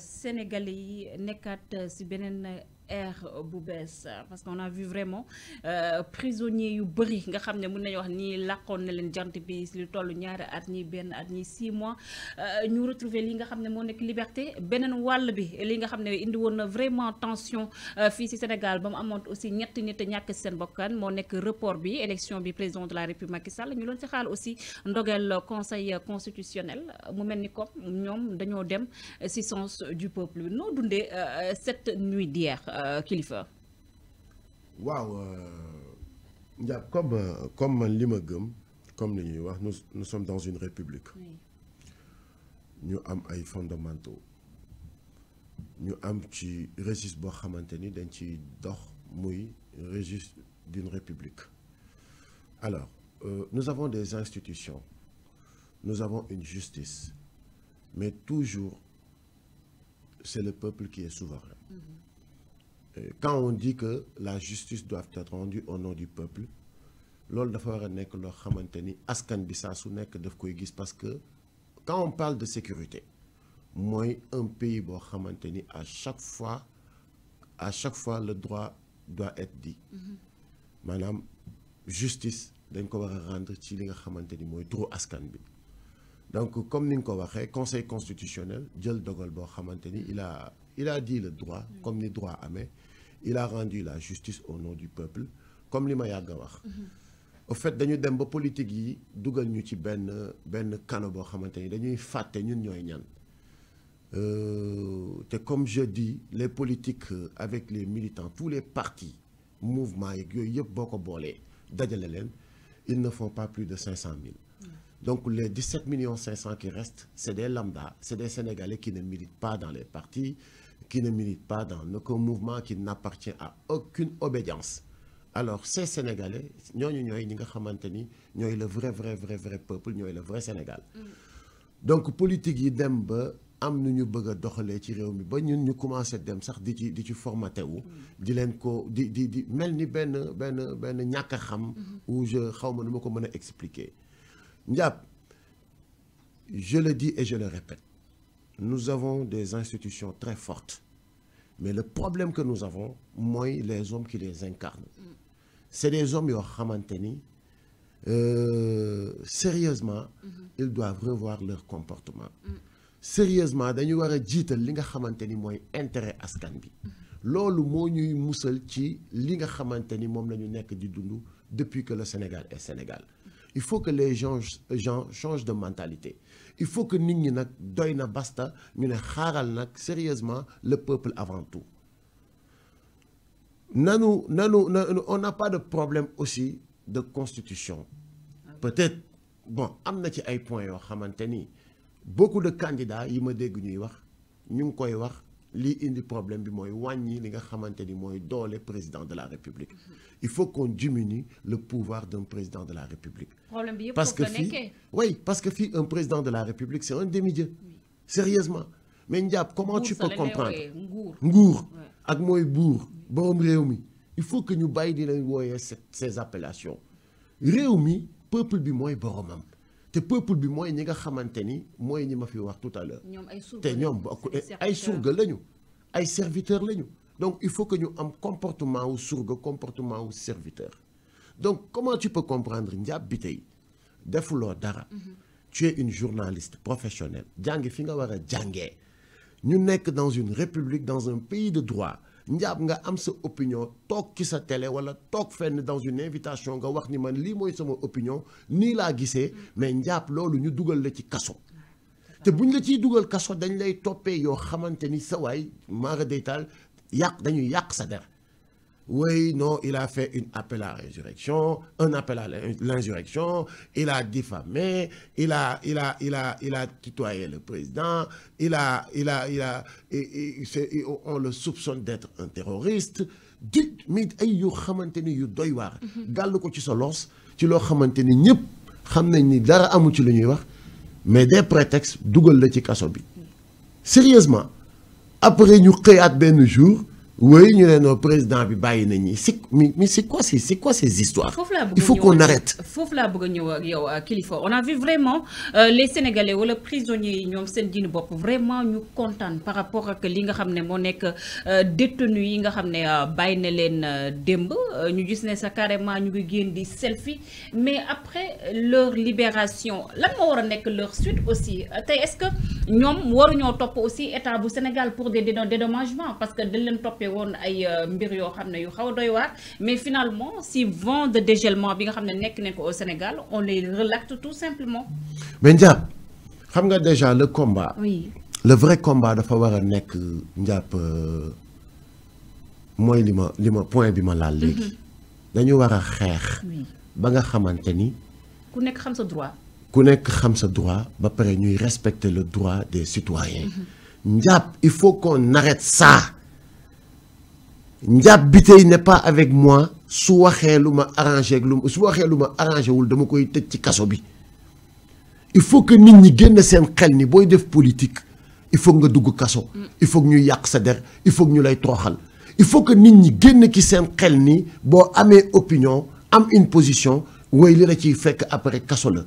sénégalais yi nekkaat ci euh, beneen euh, R bu parce qu'on a vu vraiment euh, prisonniers ou bris nga xam ne mën wax ni làqoon na len jant bi li tollu ñaari at ñi ben at ñi six mois euh, ñu retrouver li nga xam mo nek liberté benen wàll bi li nga xam indi vraiment tension euh, fi ci Sénégal bam amont aussi ñetti nit ñak ci sen bokkan mo nek report bi élection bi président de la République Macky Sall ñu doon ci xal aussi ndogeel conseil constitutionnel mu melni ni comme ñoom dañoo dem ci sens du peuple nous dundé cette nuit d'hier euh, kilifa. waaw euh, comme euh, comme comme nous sommes dans une république. Nous avons ay fondamentaux. Nous avons ci registre pour maintenir d'une république alors nous avons des institutions nous avons une justice mais toujours c'est le peuple qui est souverain. Mm-hmm quand on dit que la justice doit être rendue au nom du peuple lors dafa war a nekk loo askan bi saa su parce que quand on parle de sécurité moi, un pays boo xamante à chaque fois à chaque fois le droit doit être dit mm-hmm. maanaam justice dañ ko war rendre ci li nga xamante ni askan bi donc comme ni nga conseil constitutionnel Djel Dogol boo il a il a dit le droit, comme les droits amènent. Il a rendu la justice au nom du peuple, comme les Mayaga au fait dañu dem ba politique yi dugal ñu ci ben ben cano boo xamante fat, dañuy ñun euh, comme je dis les politiques euh, avec les militants tous les partis mouvements ils ne font pas plus de 500 000. Donc les 17 500 qui restent, c'est des lambda, c'est des Sénégalais qui ne militent pas dans les partis, qui ne militent pas dans aucun mouvement, qui n'appartient à aucune obédience. Alors ces Sénégalais, nous sommes le vrai, vrai, vrai, vrai peuple, nous sommes le vrai Sénégal. Mm. Donc politique, yi dem am ñu bëgg a ci réew mi ba ñun ñu commencé dem sax di ci di ci formaté wu. Mm. di len ko di di di mm-hmm. je xawma expliquer. Ndiap, je le dis et je le répète, nous avons des institutions très fortes. Mais le problème que nous avons, moi, les hommes qui les incarnent. Mm. C'est des hommes qui ont euh, sérieusement, mm-hmm. ils doivent revoir leur comportement. Mm. Sérieusement, dañu war dit que li nga xamante intérêt à ce mm-hmm. loolu moo ñuy musal ci li nga xamante ni que depuis que le Sénégal est Sénégal il faut que les gens changent de mentalité il faut que nous ñi basta ñu ne xaaral sérieusement le peuple avant tout nanu nanu on n'a pas de problème aussi de constitution peut-être bon on na ci ay points beaucoup de candidats ils me dégg ñuy wax li indi problème bi moy wañi li nga xamanteni moy président de la république mhm. il faut qu'on diminue le pouvoir d'un président de la république problème parce que oui parce que fi un président de la république c'est un demi-dieu sérieusement mais comment tu peux comprendre ngour ak moy bour borom réew il faut que nous baye di la woyé ces appellations réew peuple bi moy boromam te peuple bi mooy ñi nga xamante ni mooy ñi ma fi wax tout à l'heure te ñoom ay surga lañu ay serviteur lañu donc il faut que ñu am comportement wu un comportement ou serviteur donc comment tu peux comprendre njaab bi tey dara mhm. tu es une journaliste professionnelle jàngi fi nga war a ñu nekk dans une république dans un pays de droit njaab nga am sa opinion tok ci sa télé wala tok fenn dans une invitation nga wax ni man li moy sama opinion ni la gisee mais njaab lolu ñu duggal la ci kaso te buñ la ci duggal kaso dañ lay topé. Yo xamanteni ni sa waay maara deytaal yàq dañuy yàq sa der oui, non, il a fait un appel à l'insurrection, un appel à l'insurrection, il a diffamé, il a, il a, il a, il a tutoyé le président, il a, il a, il a, et, on le soupçonne d'être un terroriste. dit mais il y a ni yu doy waar. Mhm. gàll ko ci sa loos ci loo xamante ni ñëpp ni dara ci mais des prétextes dugal la ci kaso bi. sérieusement après ñu xëyaat un jour oui ñu ne non président bi bàyyi na ñi c'est mais c'est quoi ces c'est quoi ces histoires. il faut qu'on arrête Fofla bëgg ñëw ak yow euh, on a vu vraiment euh, les sénégalais les prisonniers yi ñoom seen vraiment ñu kontaan par rapport ak li nga xam ne moo nekk euh, détenus yi nga xam ne bàyyi na ñu gis ne sa carrément ñu ngi di selfie mais après leur libération lan moo war a leur suite aussi est-ce que ñoom waruñoo topp aussi état bu Sénégal pour des dédommagements parce que de leen toppee won ay euh, mbir yo au yu xaw doy mais finalement si vent de dégèlement bi nga au Sénégal on les relaxe tout simplement. mais Ndiap xam déjà le combat. le vrai combat dafa war a euh, lima point bi ma la mhm. légui dañu wara a ba nga xamanteni ku xam droit. ku droit ba respecter le droit des citoyens. Mhm. Ndiap, il faut qu'on arrête ça. Ndiab Bitey n'est pas avec moi soit waxee lu ma arrangé ak lu ma arrangé dama koy tëj ci kaso bi il faut que nit ñi génn seen xel ni booy def politique il faut nga dugg casso, il faut que ñu y sa der il faut que ñu lay tooxal. il faut que nit ñi génn ci seen xel ni à mes opinion am une position woy li la ciy fekk après kaso le.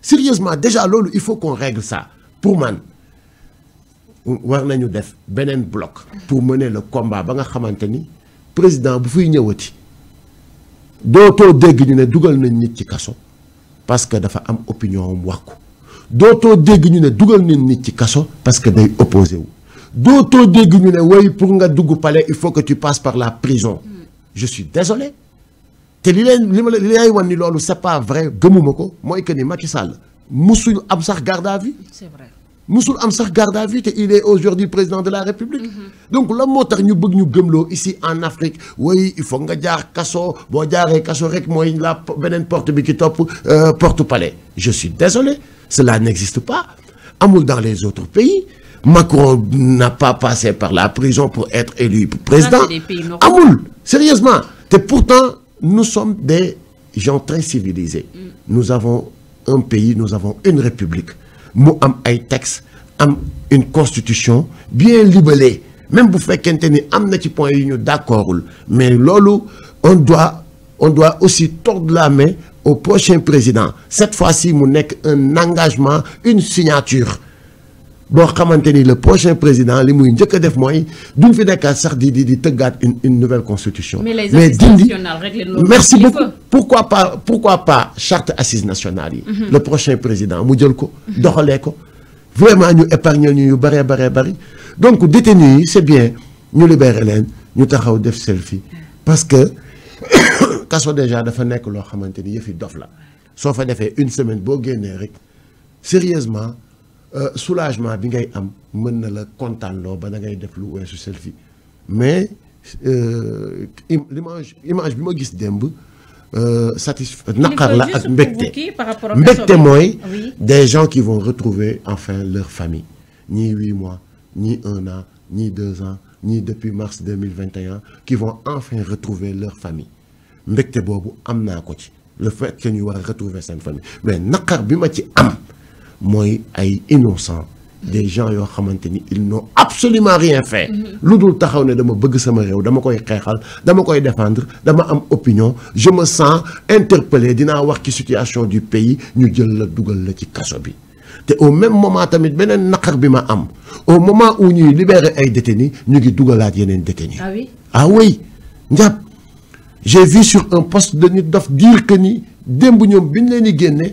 sérieusement déjà loolu il faut qu'on règle ça pour man war nañu def beneen bloc. pour mener le combat ba nga président bu fuy ñëwati dootoo dégg ñu ne dugal nañ nit ci parce que dafa am opinion am wax ko dootoo dégg ñu ne dugal nañ nit ci kasso parce que day opposé wu doto dégg ñu ne way pour nga dugg palais il faut que tu passes par la prison hmm. je suis désolé té li leen li lay wone ni c'est pas vrai gëmuma moy que ni Macky Sall am sax garde à vue c'est vrai Moussoul am sax garde à vue il est aujourd'hui président de la république mhm. donc lan moo tax ñu bëgg ñu gëmloo ici en Afrique oui il faut que nous kasso, bo jaaree kasso rek mooy la beneen porte bi ki euh, porte palais je suis désolé cela n'existe pas amul dans les autres pays Macron n'a pas passé par la prison pour être élu président amul sérieusement Et pourtant nous sommes des gens très civilisés mm. nous avons un pays nous avons une république nous avons un texte, am une constitution bien libellée même pour faire qu'on am na point d'accord. mais lolo on doit on doit aussi tordre la main au prochain président cette fois-ci nous avons un engagement une signature boo xamanteni le prochain président li muy njëkk def moy duñ fi nekkaat sax di di di une une nouvelle constitution. mais dindi merci beaucoup pourquoi pas pourquoi pas charte assise nationale mhm. le prochain président mu jël ko. doxale ko vraiment ñu épargner ñu yu bari bari bari donc détenus c'est bien ñu libérer leen ñu taxaw def selfie parce que kasso déjà dafa nekk lo xamanteni yëfi dof la so fa défé une semaine bo génné rek sérieusement euh, soulagement bi ngay am mën na la kontaanloo ba da ngay def lu weesu selfie mais euh, image image bima ma demb euh satisf nakar la ak mbégte des gens qui vont retrouver enfin leur famille ni huit mois ni un an ni deux ans ni depuis mars 2021 qui vont enfin retrouver leur famille mbégte bobu am ko ci le fait que ñu aura retrouvé retrouver sa famille mais nakar bima ci am moi ay innocent des gens yo xamanteni ni ils n'ont absolument rien fait lu dul taxaw ne dama bëgg sama réew dama koy xéxal dama koy défendre dama am opinion je me sens interpellé dina wax ki situation du pays ñu jël la duggal la ci kasso bi té au même moment tamit benen nakar bima ma am au moment où ñuy libérer ay détenus ñu ngi duggalat yenen détenus ah oui ah oui ñap j'ai vu sur un poste de nuit Dof dire que ni démb ñom biñ ñu leen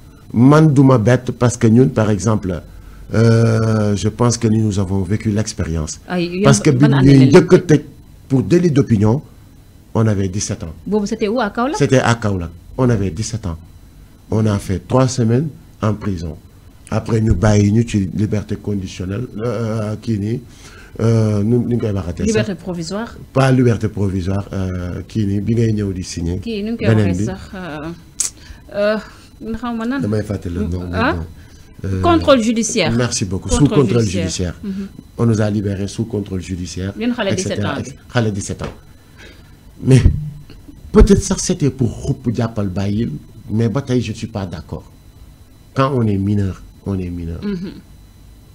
man parce que nous, par exemple euh, je pense que nous avons vécu l'expérience ah, parce que pour délit d'opinion on avait 17 ans c'était où à Kaolack c'était à Kaula. on avait 17 ans on a fait trois semaines en prison après nous avons nous liberté conditionnelle à euh, Kini. Euh, liberté provisoire pas liberté provisoire qui nous bi ngay ñëw di signer bi ah? Euh, contrôle judiciaire. merci beaucoup sous contrôle judiciaire. Mm-hmm. on nous a libérés sous contrôle judiciaire. 17 ans 17 ans. mais peut-être ça c'était pour mais je ne suis pas d'accord quand on est mineur on est mineur. Mm-hmm.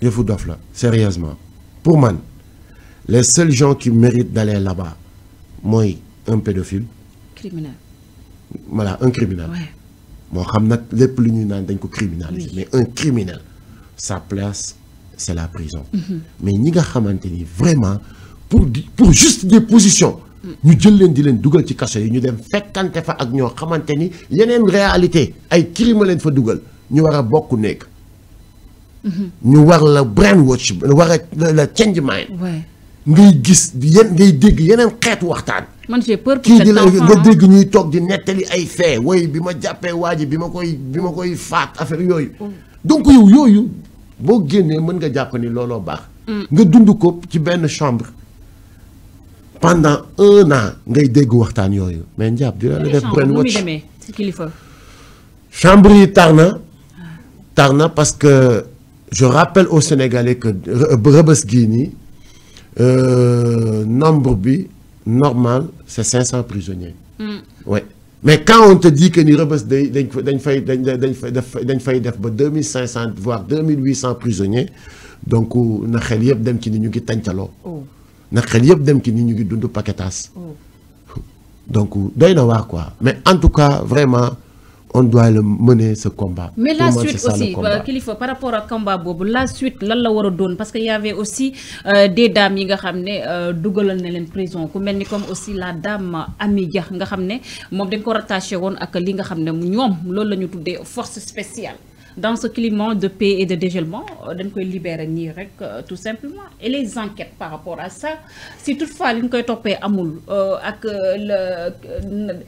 je vous dof la sérieusement pour man les seuls gens qui méritent d'aller là-bas moi, un pédophile criminel voilà un criminel moo xam nag lépp lu ñuy naan dañ ko criminaliser mais un criminel sa place c'est la prison mm-hmm. mais ñi nga xamante vraiment pour pour juste des positions mm. ñu jël leen di leen dugal ci kaso yi ñu dem fekkante fa ak il xamante ni une réalité ay crime fait fa dougal, Nous avons beaucoup bokk ñu war la brainwash war la change mind ngay gis yéen ngay dégg yeneen xeetu waxtaan. man j'ai peur pour cet enfant la nga hein. dégg ñuy toog di nettali ay fait way bi ma jàppee waa bi ma koy bi ma koy faat affaire yooyu. Oh. donc yow yooyu boo génnee mën nga jàpp ni looloo baax. Mm. nga dund ko ci benn chambre. pendant un an ngay dégg waxtaan yooyu mais njàpp di la def. benn wàcc chambre yi tar na. Ah. tar na parce que. Je rappelle aux Sénégalais que Brebes Guinée, euh, euh normal, c'est 500 prisonniers. Hmm. Ouais. Mais quand on te dit que Rebus dañ 2500 voire 2800 prisonniers, donc euh, na xel des dem qui ni ñu ngi tàncaloo. Oh. na xel yëpp dem ci ni ñu ngi dund paquetage. Oh. donc euh, doy na quoi mais en tout cas vraiment on doit le mener ce combat. Mais la suite aussi, euh, Kilifo, par rapport à combat Bobo, la suite, là, la donne parce qu'il y avait aussi euh, des dames qui ramené euh, dougalon en prison, comme comme aussi la dame Amidia, qui ramené, moi, je suis rattaché à ce que nous avons, nous avons force spéciale dans ce climat de paix et de dégelement, on euh, koy libérer euh, tout simplement et les enquêtes par rapport à ça si toutefois li peut koy toppee amul euh,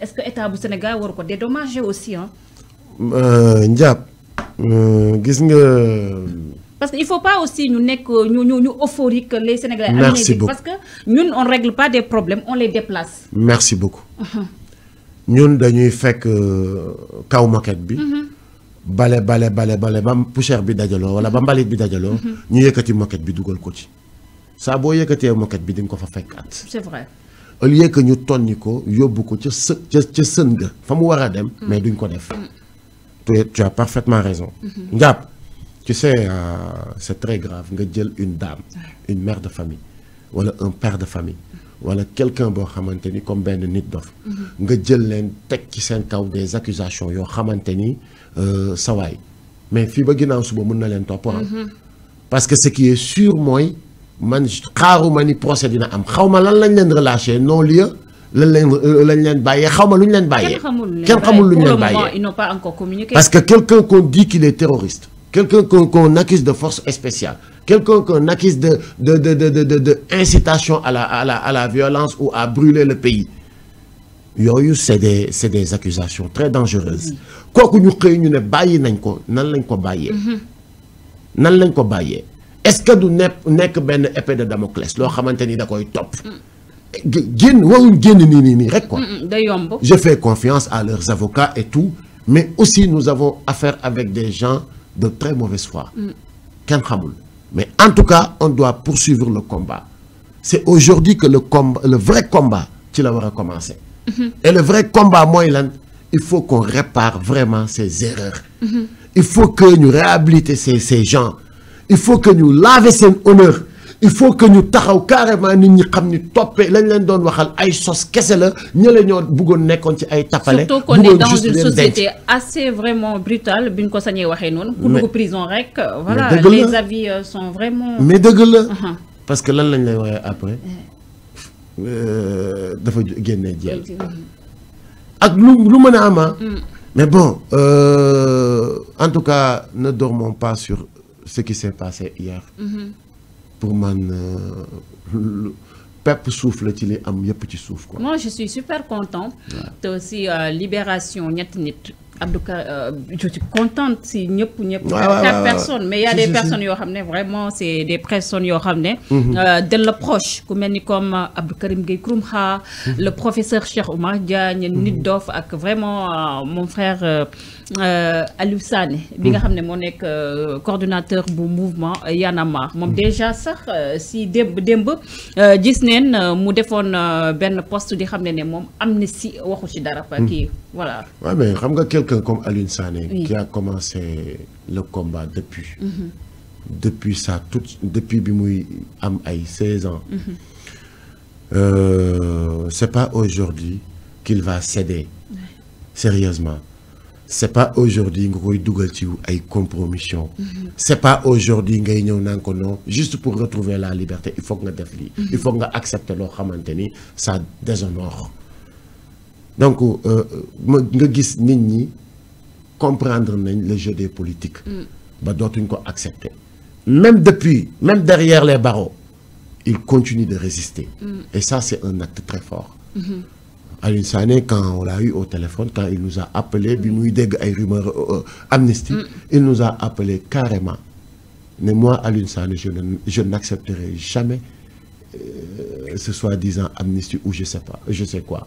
est-ce que l'État du Sénégal est dédommagé aussi hein? Parce qu'il ne faut pas aussi nous, nous, nous, nous euphoriques, les Sénégalais. Merci Parce que nous, on ne règle pas des problèmes, on les déplace. Merci beaucoup. Nous, nous avons fait que bale bale bale bale bam, poussière bi dajalo wala ba bi dajalo mhm. ñu yëkkati moquette bi duggal ko ci. saa bo yëkkatee moquette bi di ko fa fekkat c'est vrai. au lieu que ñu ko dem. Mhm. mais duñ ko mhm. tu tu as parfaitement raison. tu sais euh, c'est très grave une dame. une mère de famille wala un père de famille. voilà quelqu'un qui xamanteni comme ben nit nga jël ci des accusations va mais fii ba ginnaaw suba mën na leen topp parce que ce qui est sûr moi, man xaaruma ni procès dina am xaw ma lan lañ leen relâcher non lieu lan leen lañ leen bàyyee xaw ma lu ñu leen xamul n'ont pas encore communiqué. parce que quelqu'un qu'on dit qu'il est terroriste quelqu'un qu'on accuse de force spéciale quelqu'un qu'on accuse de de de de de de incitation à la à la à la violence ou à brûler le pays c'est des des accusations très dangereuses Quoi ñu xëy ñu ne bàyyi nañ ko nan lañ ko bàyyee mhm. nan lañ ko bàyyee est-ce que nous n'avons pas de épée de Damoclès loo xamante da koy mm. rek quoi da yomb je fais confiance à leurs avocats et tout mais aussi nous avons affaire avec des gens de très mauvaise foi mm. mais en tout cas on doit poursuivre le combat c'est aujourd'hui que le combat le vrai combat ci la commencé. commencer Mhm. Et le vrai combat, moi, il faut qu'on répare vraiment ces erreurs. Mhm. Il faut que nous réhabilitions ces, gens. Il faut que nous lavions cet honneur. il faut que nous taxaw carrément ñi nous surtout qu'on est dans une société assez vraiment brutale pour ko prison voilà les avis euh, sont vraiment. mais de uh-huh. parce que là, après. Eh mais bon euh, en tout cas ne dormons pas sur ce qui s'est passé hier mm-hmm. pour man euh, peuple souffle tu ci li am souffle. ci moi je suis super content C'est aussi euh, libération nit Abdoukar, euh, je suis contente si ñëpp ñëpp. quatre personnes mais il y a des personnes qui ont ramené vraiment c'est des personnes qui ont ramené de la proche comme Abdou Karim mhm. le professeur Cheikh omar Diagne mhm. nit doof ak vraiment euh, mon frère euh, Alou Sané. bi nga mhm. xam ne moo nekk coordonnateur bu mouvement Yanama. a déjà ça si des démb gis neen mu defoon poste di xam ne ne moom amnésie si waxu ci dara. voilà. mais comme Alun Sané, qui a commencé le combat depuis, mhm. depuis ça, tout, depuis Bimoui Am 16 ans, mhm. euh, c'est pas aujourd'hui qu'il va céder. Sérieusement. C'est pas aujourd'hui qu'il va une compromission. Mm -hmm. C'est pas aujourd'hui qu'il va non juste pour retrouver la liberté, il faut que tu mhm. Il faut que le ça déshonore donc euh, euh, nous comprendre le jeu des politiques. Mm. ba devons accepter. même depuis même derrière les barreaux il continue de résister. Mm. et ça c'est un acte très fort. Mm-hmm. Aline Sané quand on l'a eu au téléphone quand il nous a appelé mm. euh, amnistie. il nous a appelé carrément Mais moi à Sané je n'accepterai jamais ce soi-disant amnistie ou je sais pas je sais quoi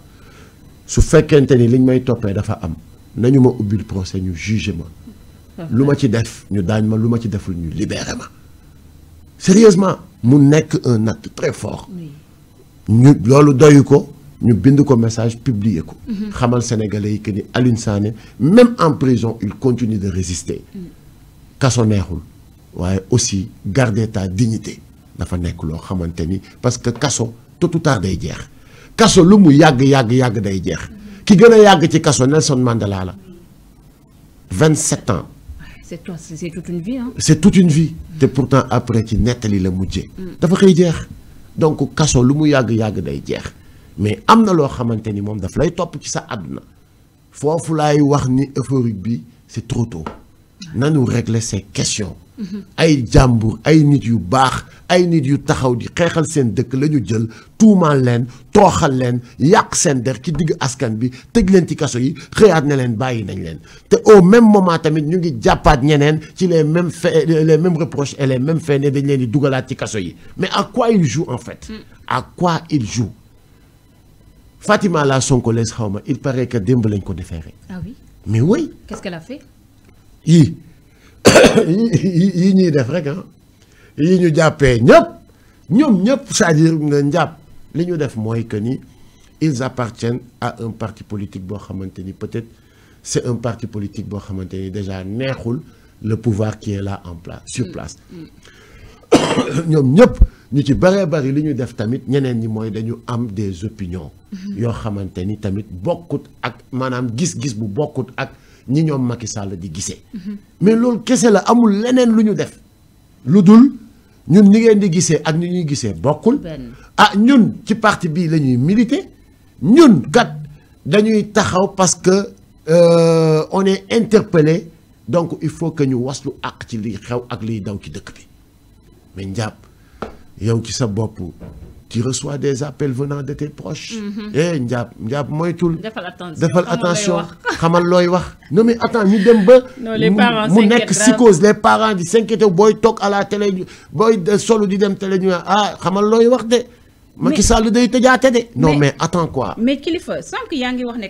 su fekkente ni liñ may toppee dafa am nañu ma procès ñu jugé ma luma ci def ñu le ma ci deful libéré sérieusement mu nekk un acte très fort ñu lolu doyu ko ñu message publié mhm. sénégalais même en prison il continue de résister mm. kasso neexul aussi garder ta dignité dafa parce que kaso tôt tout tard day kasso lu mu yag yag yag day jeex ki gën yag ci kasso Nelson Mandela la 27 ans. c'est toute une vie hein. c'est toute une vie te pourtant après ci netali la mujjé mm. dafa xey jeex donc kasso lu mu yag yag day jeex mais amna lo xamanteni mom daf lay top ci sa àdduna fofu lay wax ni euphorie bi c'est trop tôt nanu régler ces questions ay jàmbur ay nit yu bax ay nit yu taxaw di xeexal sen dëkk lañu ñu jël tuumaal len tooxal len yak sen der ci dig askan bi tej len ci kasso yi xeyat ne nañ te au même moment tamit ñu ngi jàppaat ñenen ci les mêmes faits les mêmes reproches et les mêmes faits ne dañ len di ci yi mais à quoi il joue en fait à quoi il joue Fatima la sonko les il paraît que demb lañ ko déféré ah oui mais oui qu'est-ce qu'elle a fait oui. yi ñuy def rek ah yi ñu jàppee ñëpp ñoom ñëpp c'est-à-dire nga njàpp li ñu def mooy que ni ils appartiennent à un parti politique boo xamante ni peut-être c'est un parti politique boo xamante ni déjà neexul le pouvoir qui est là en place sur place ñoom ñëpp ñu ci bëree bëri li ñu def tamit ñeneen ñi mooy dañu am des opinions mm-hmm. yoo xamante ni tamit bokkut ak maanaam gis-gis bu bokkut ak ñi ñom Macky Sall di gissé mais lool kese la amul leneen luñu def. ludul ñun ni ngeen di gissé ak ñi ñuy gissé bokul ah ñun ci parti bi lañuy militer ñun kat dañuy taxaw parce que euh, on est interpellé donc il faut que ñu waslu àq ci li xew ak li daw ci dëkk bi mais njàpp yow ci sa bop tu reçois des appels venant de tes proches. Mhm. eh njaab njaab moytul. defal attention defal attention xamal looy wax. non mais attends ñu dem ba. mu nekk psychose les parents s'inquiètent. Boy, booy toog à la télé boy de solo di dem télé ah xamal looy wax de. Macky de day tëjaate de. non mais attends quoi. mais qu'il faut, sans que wax ne.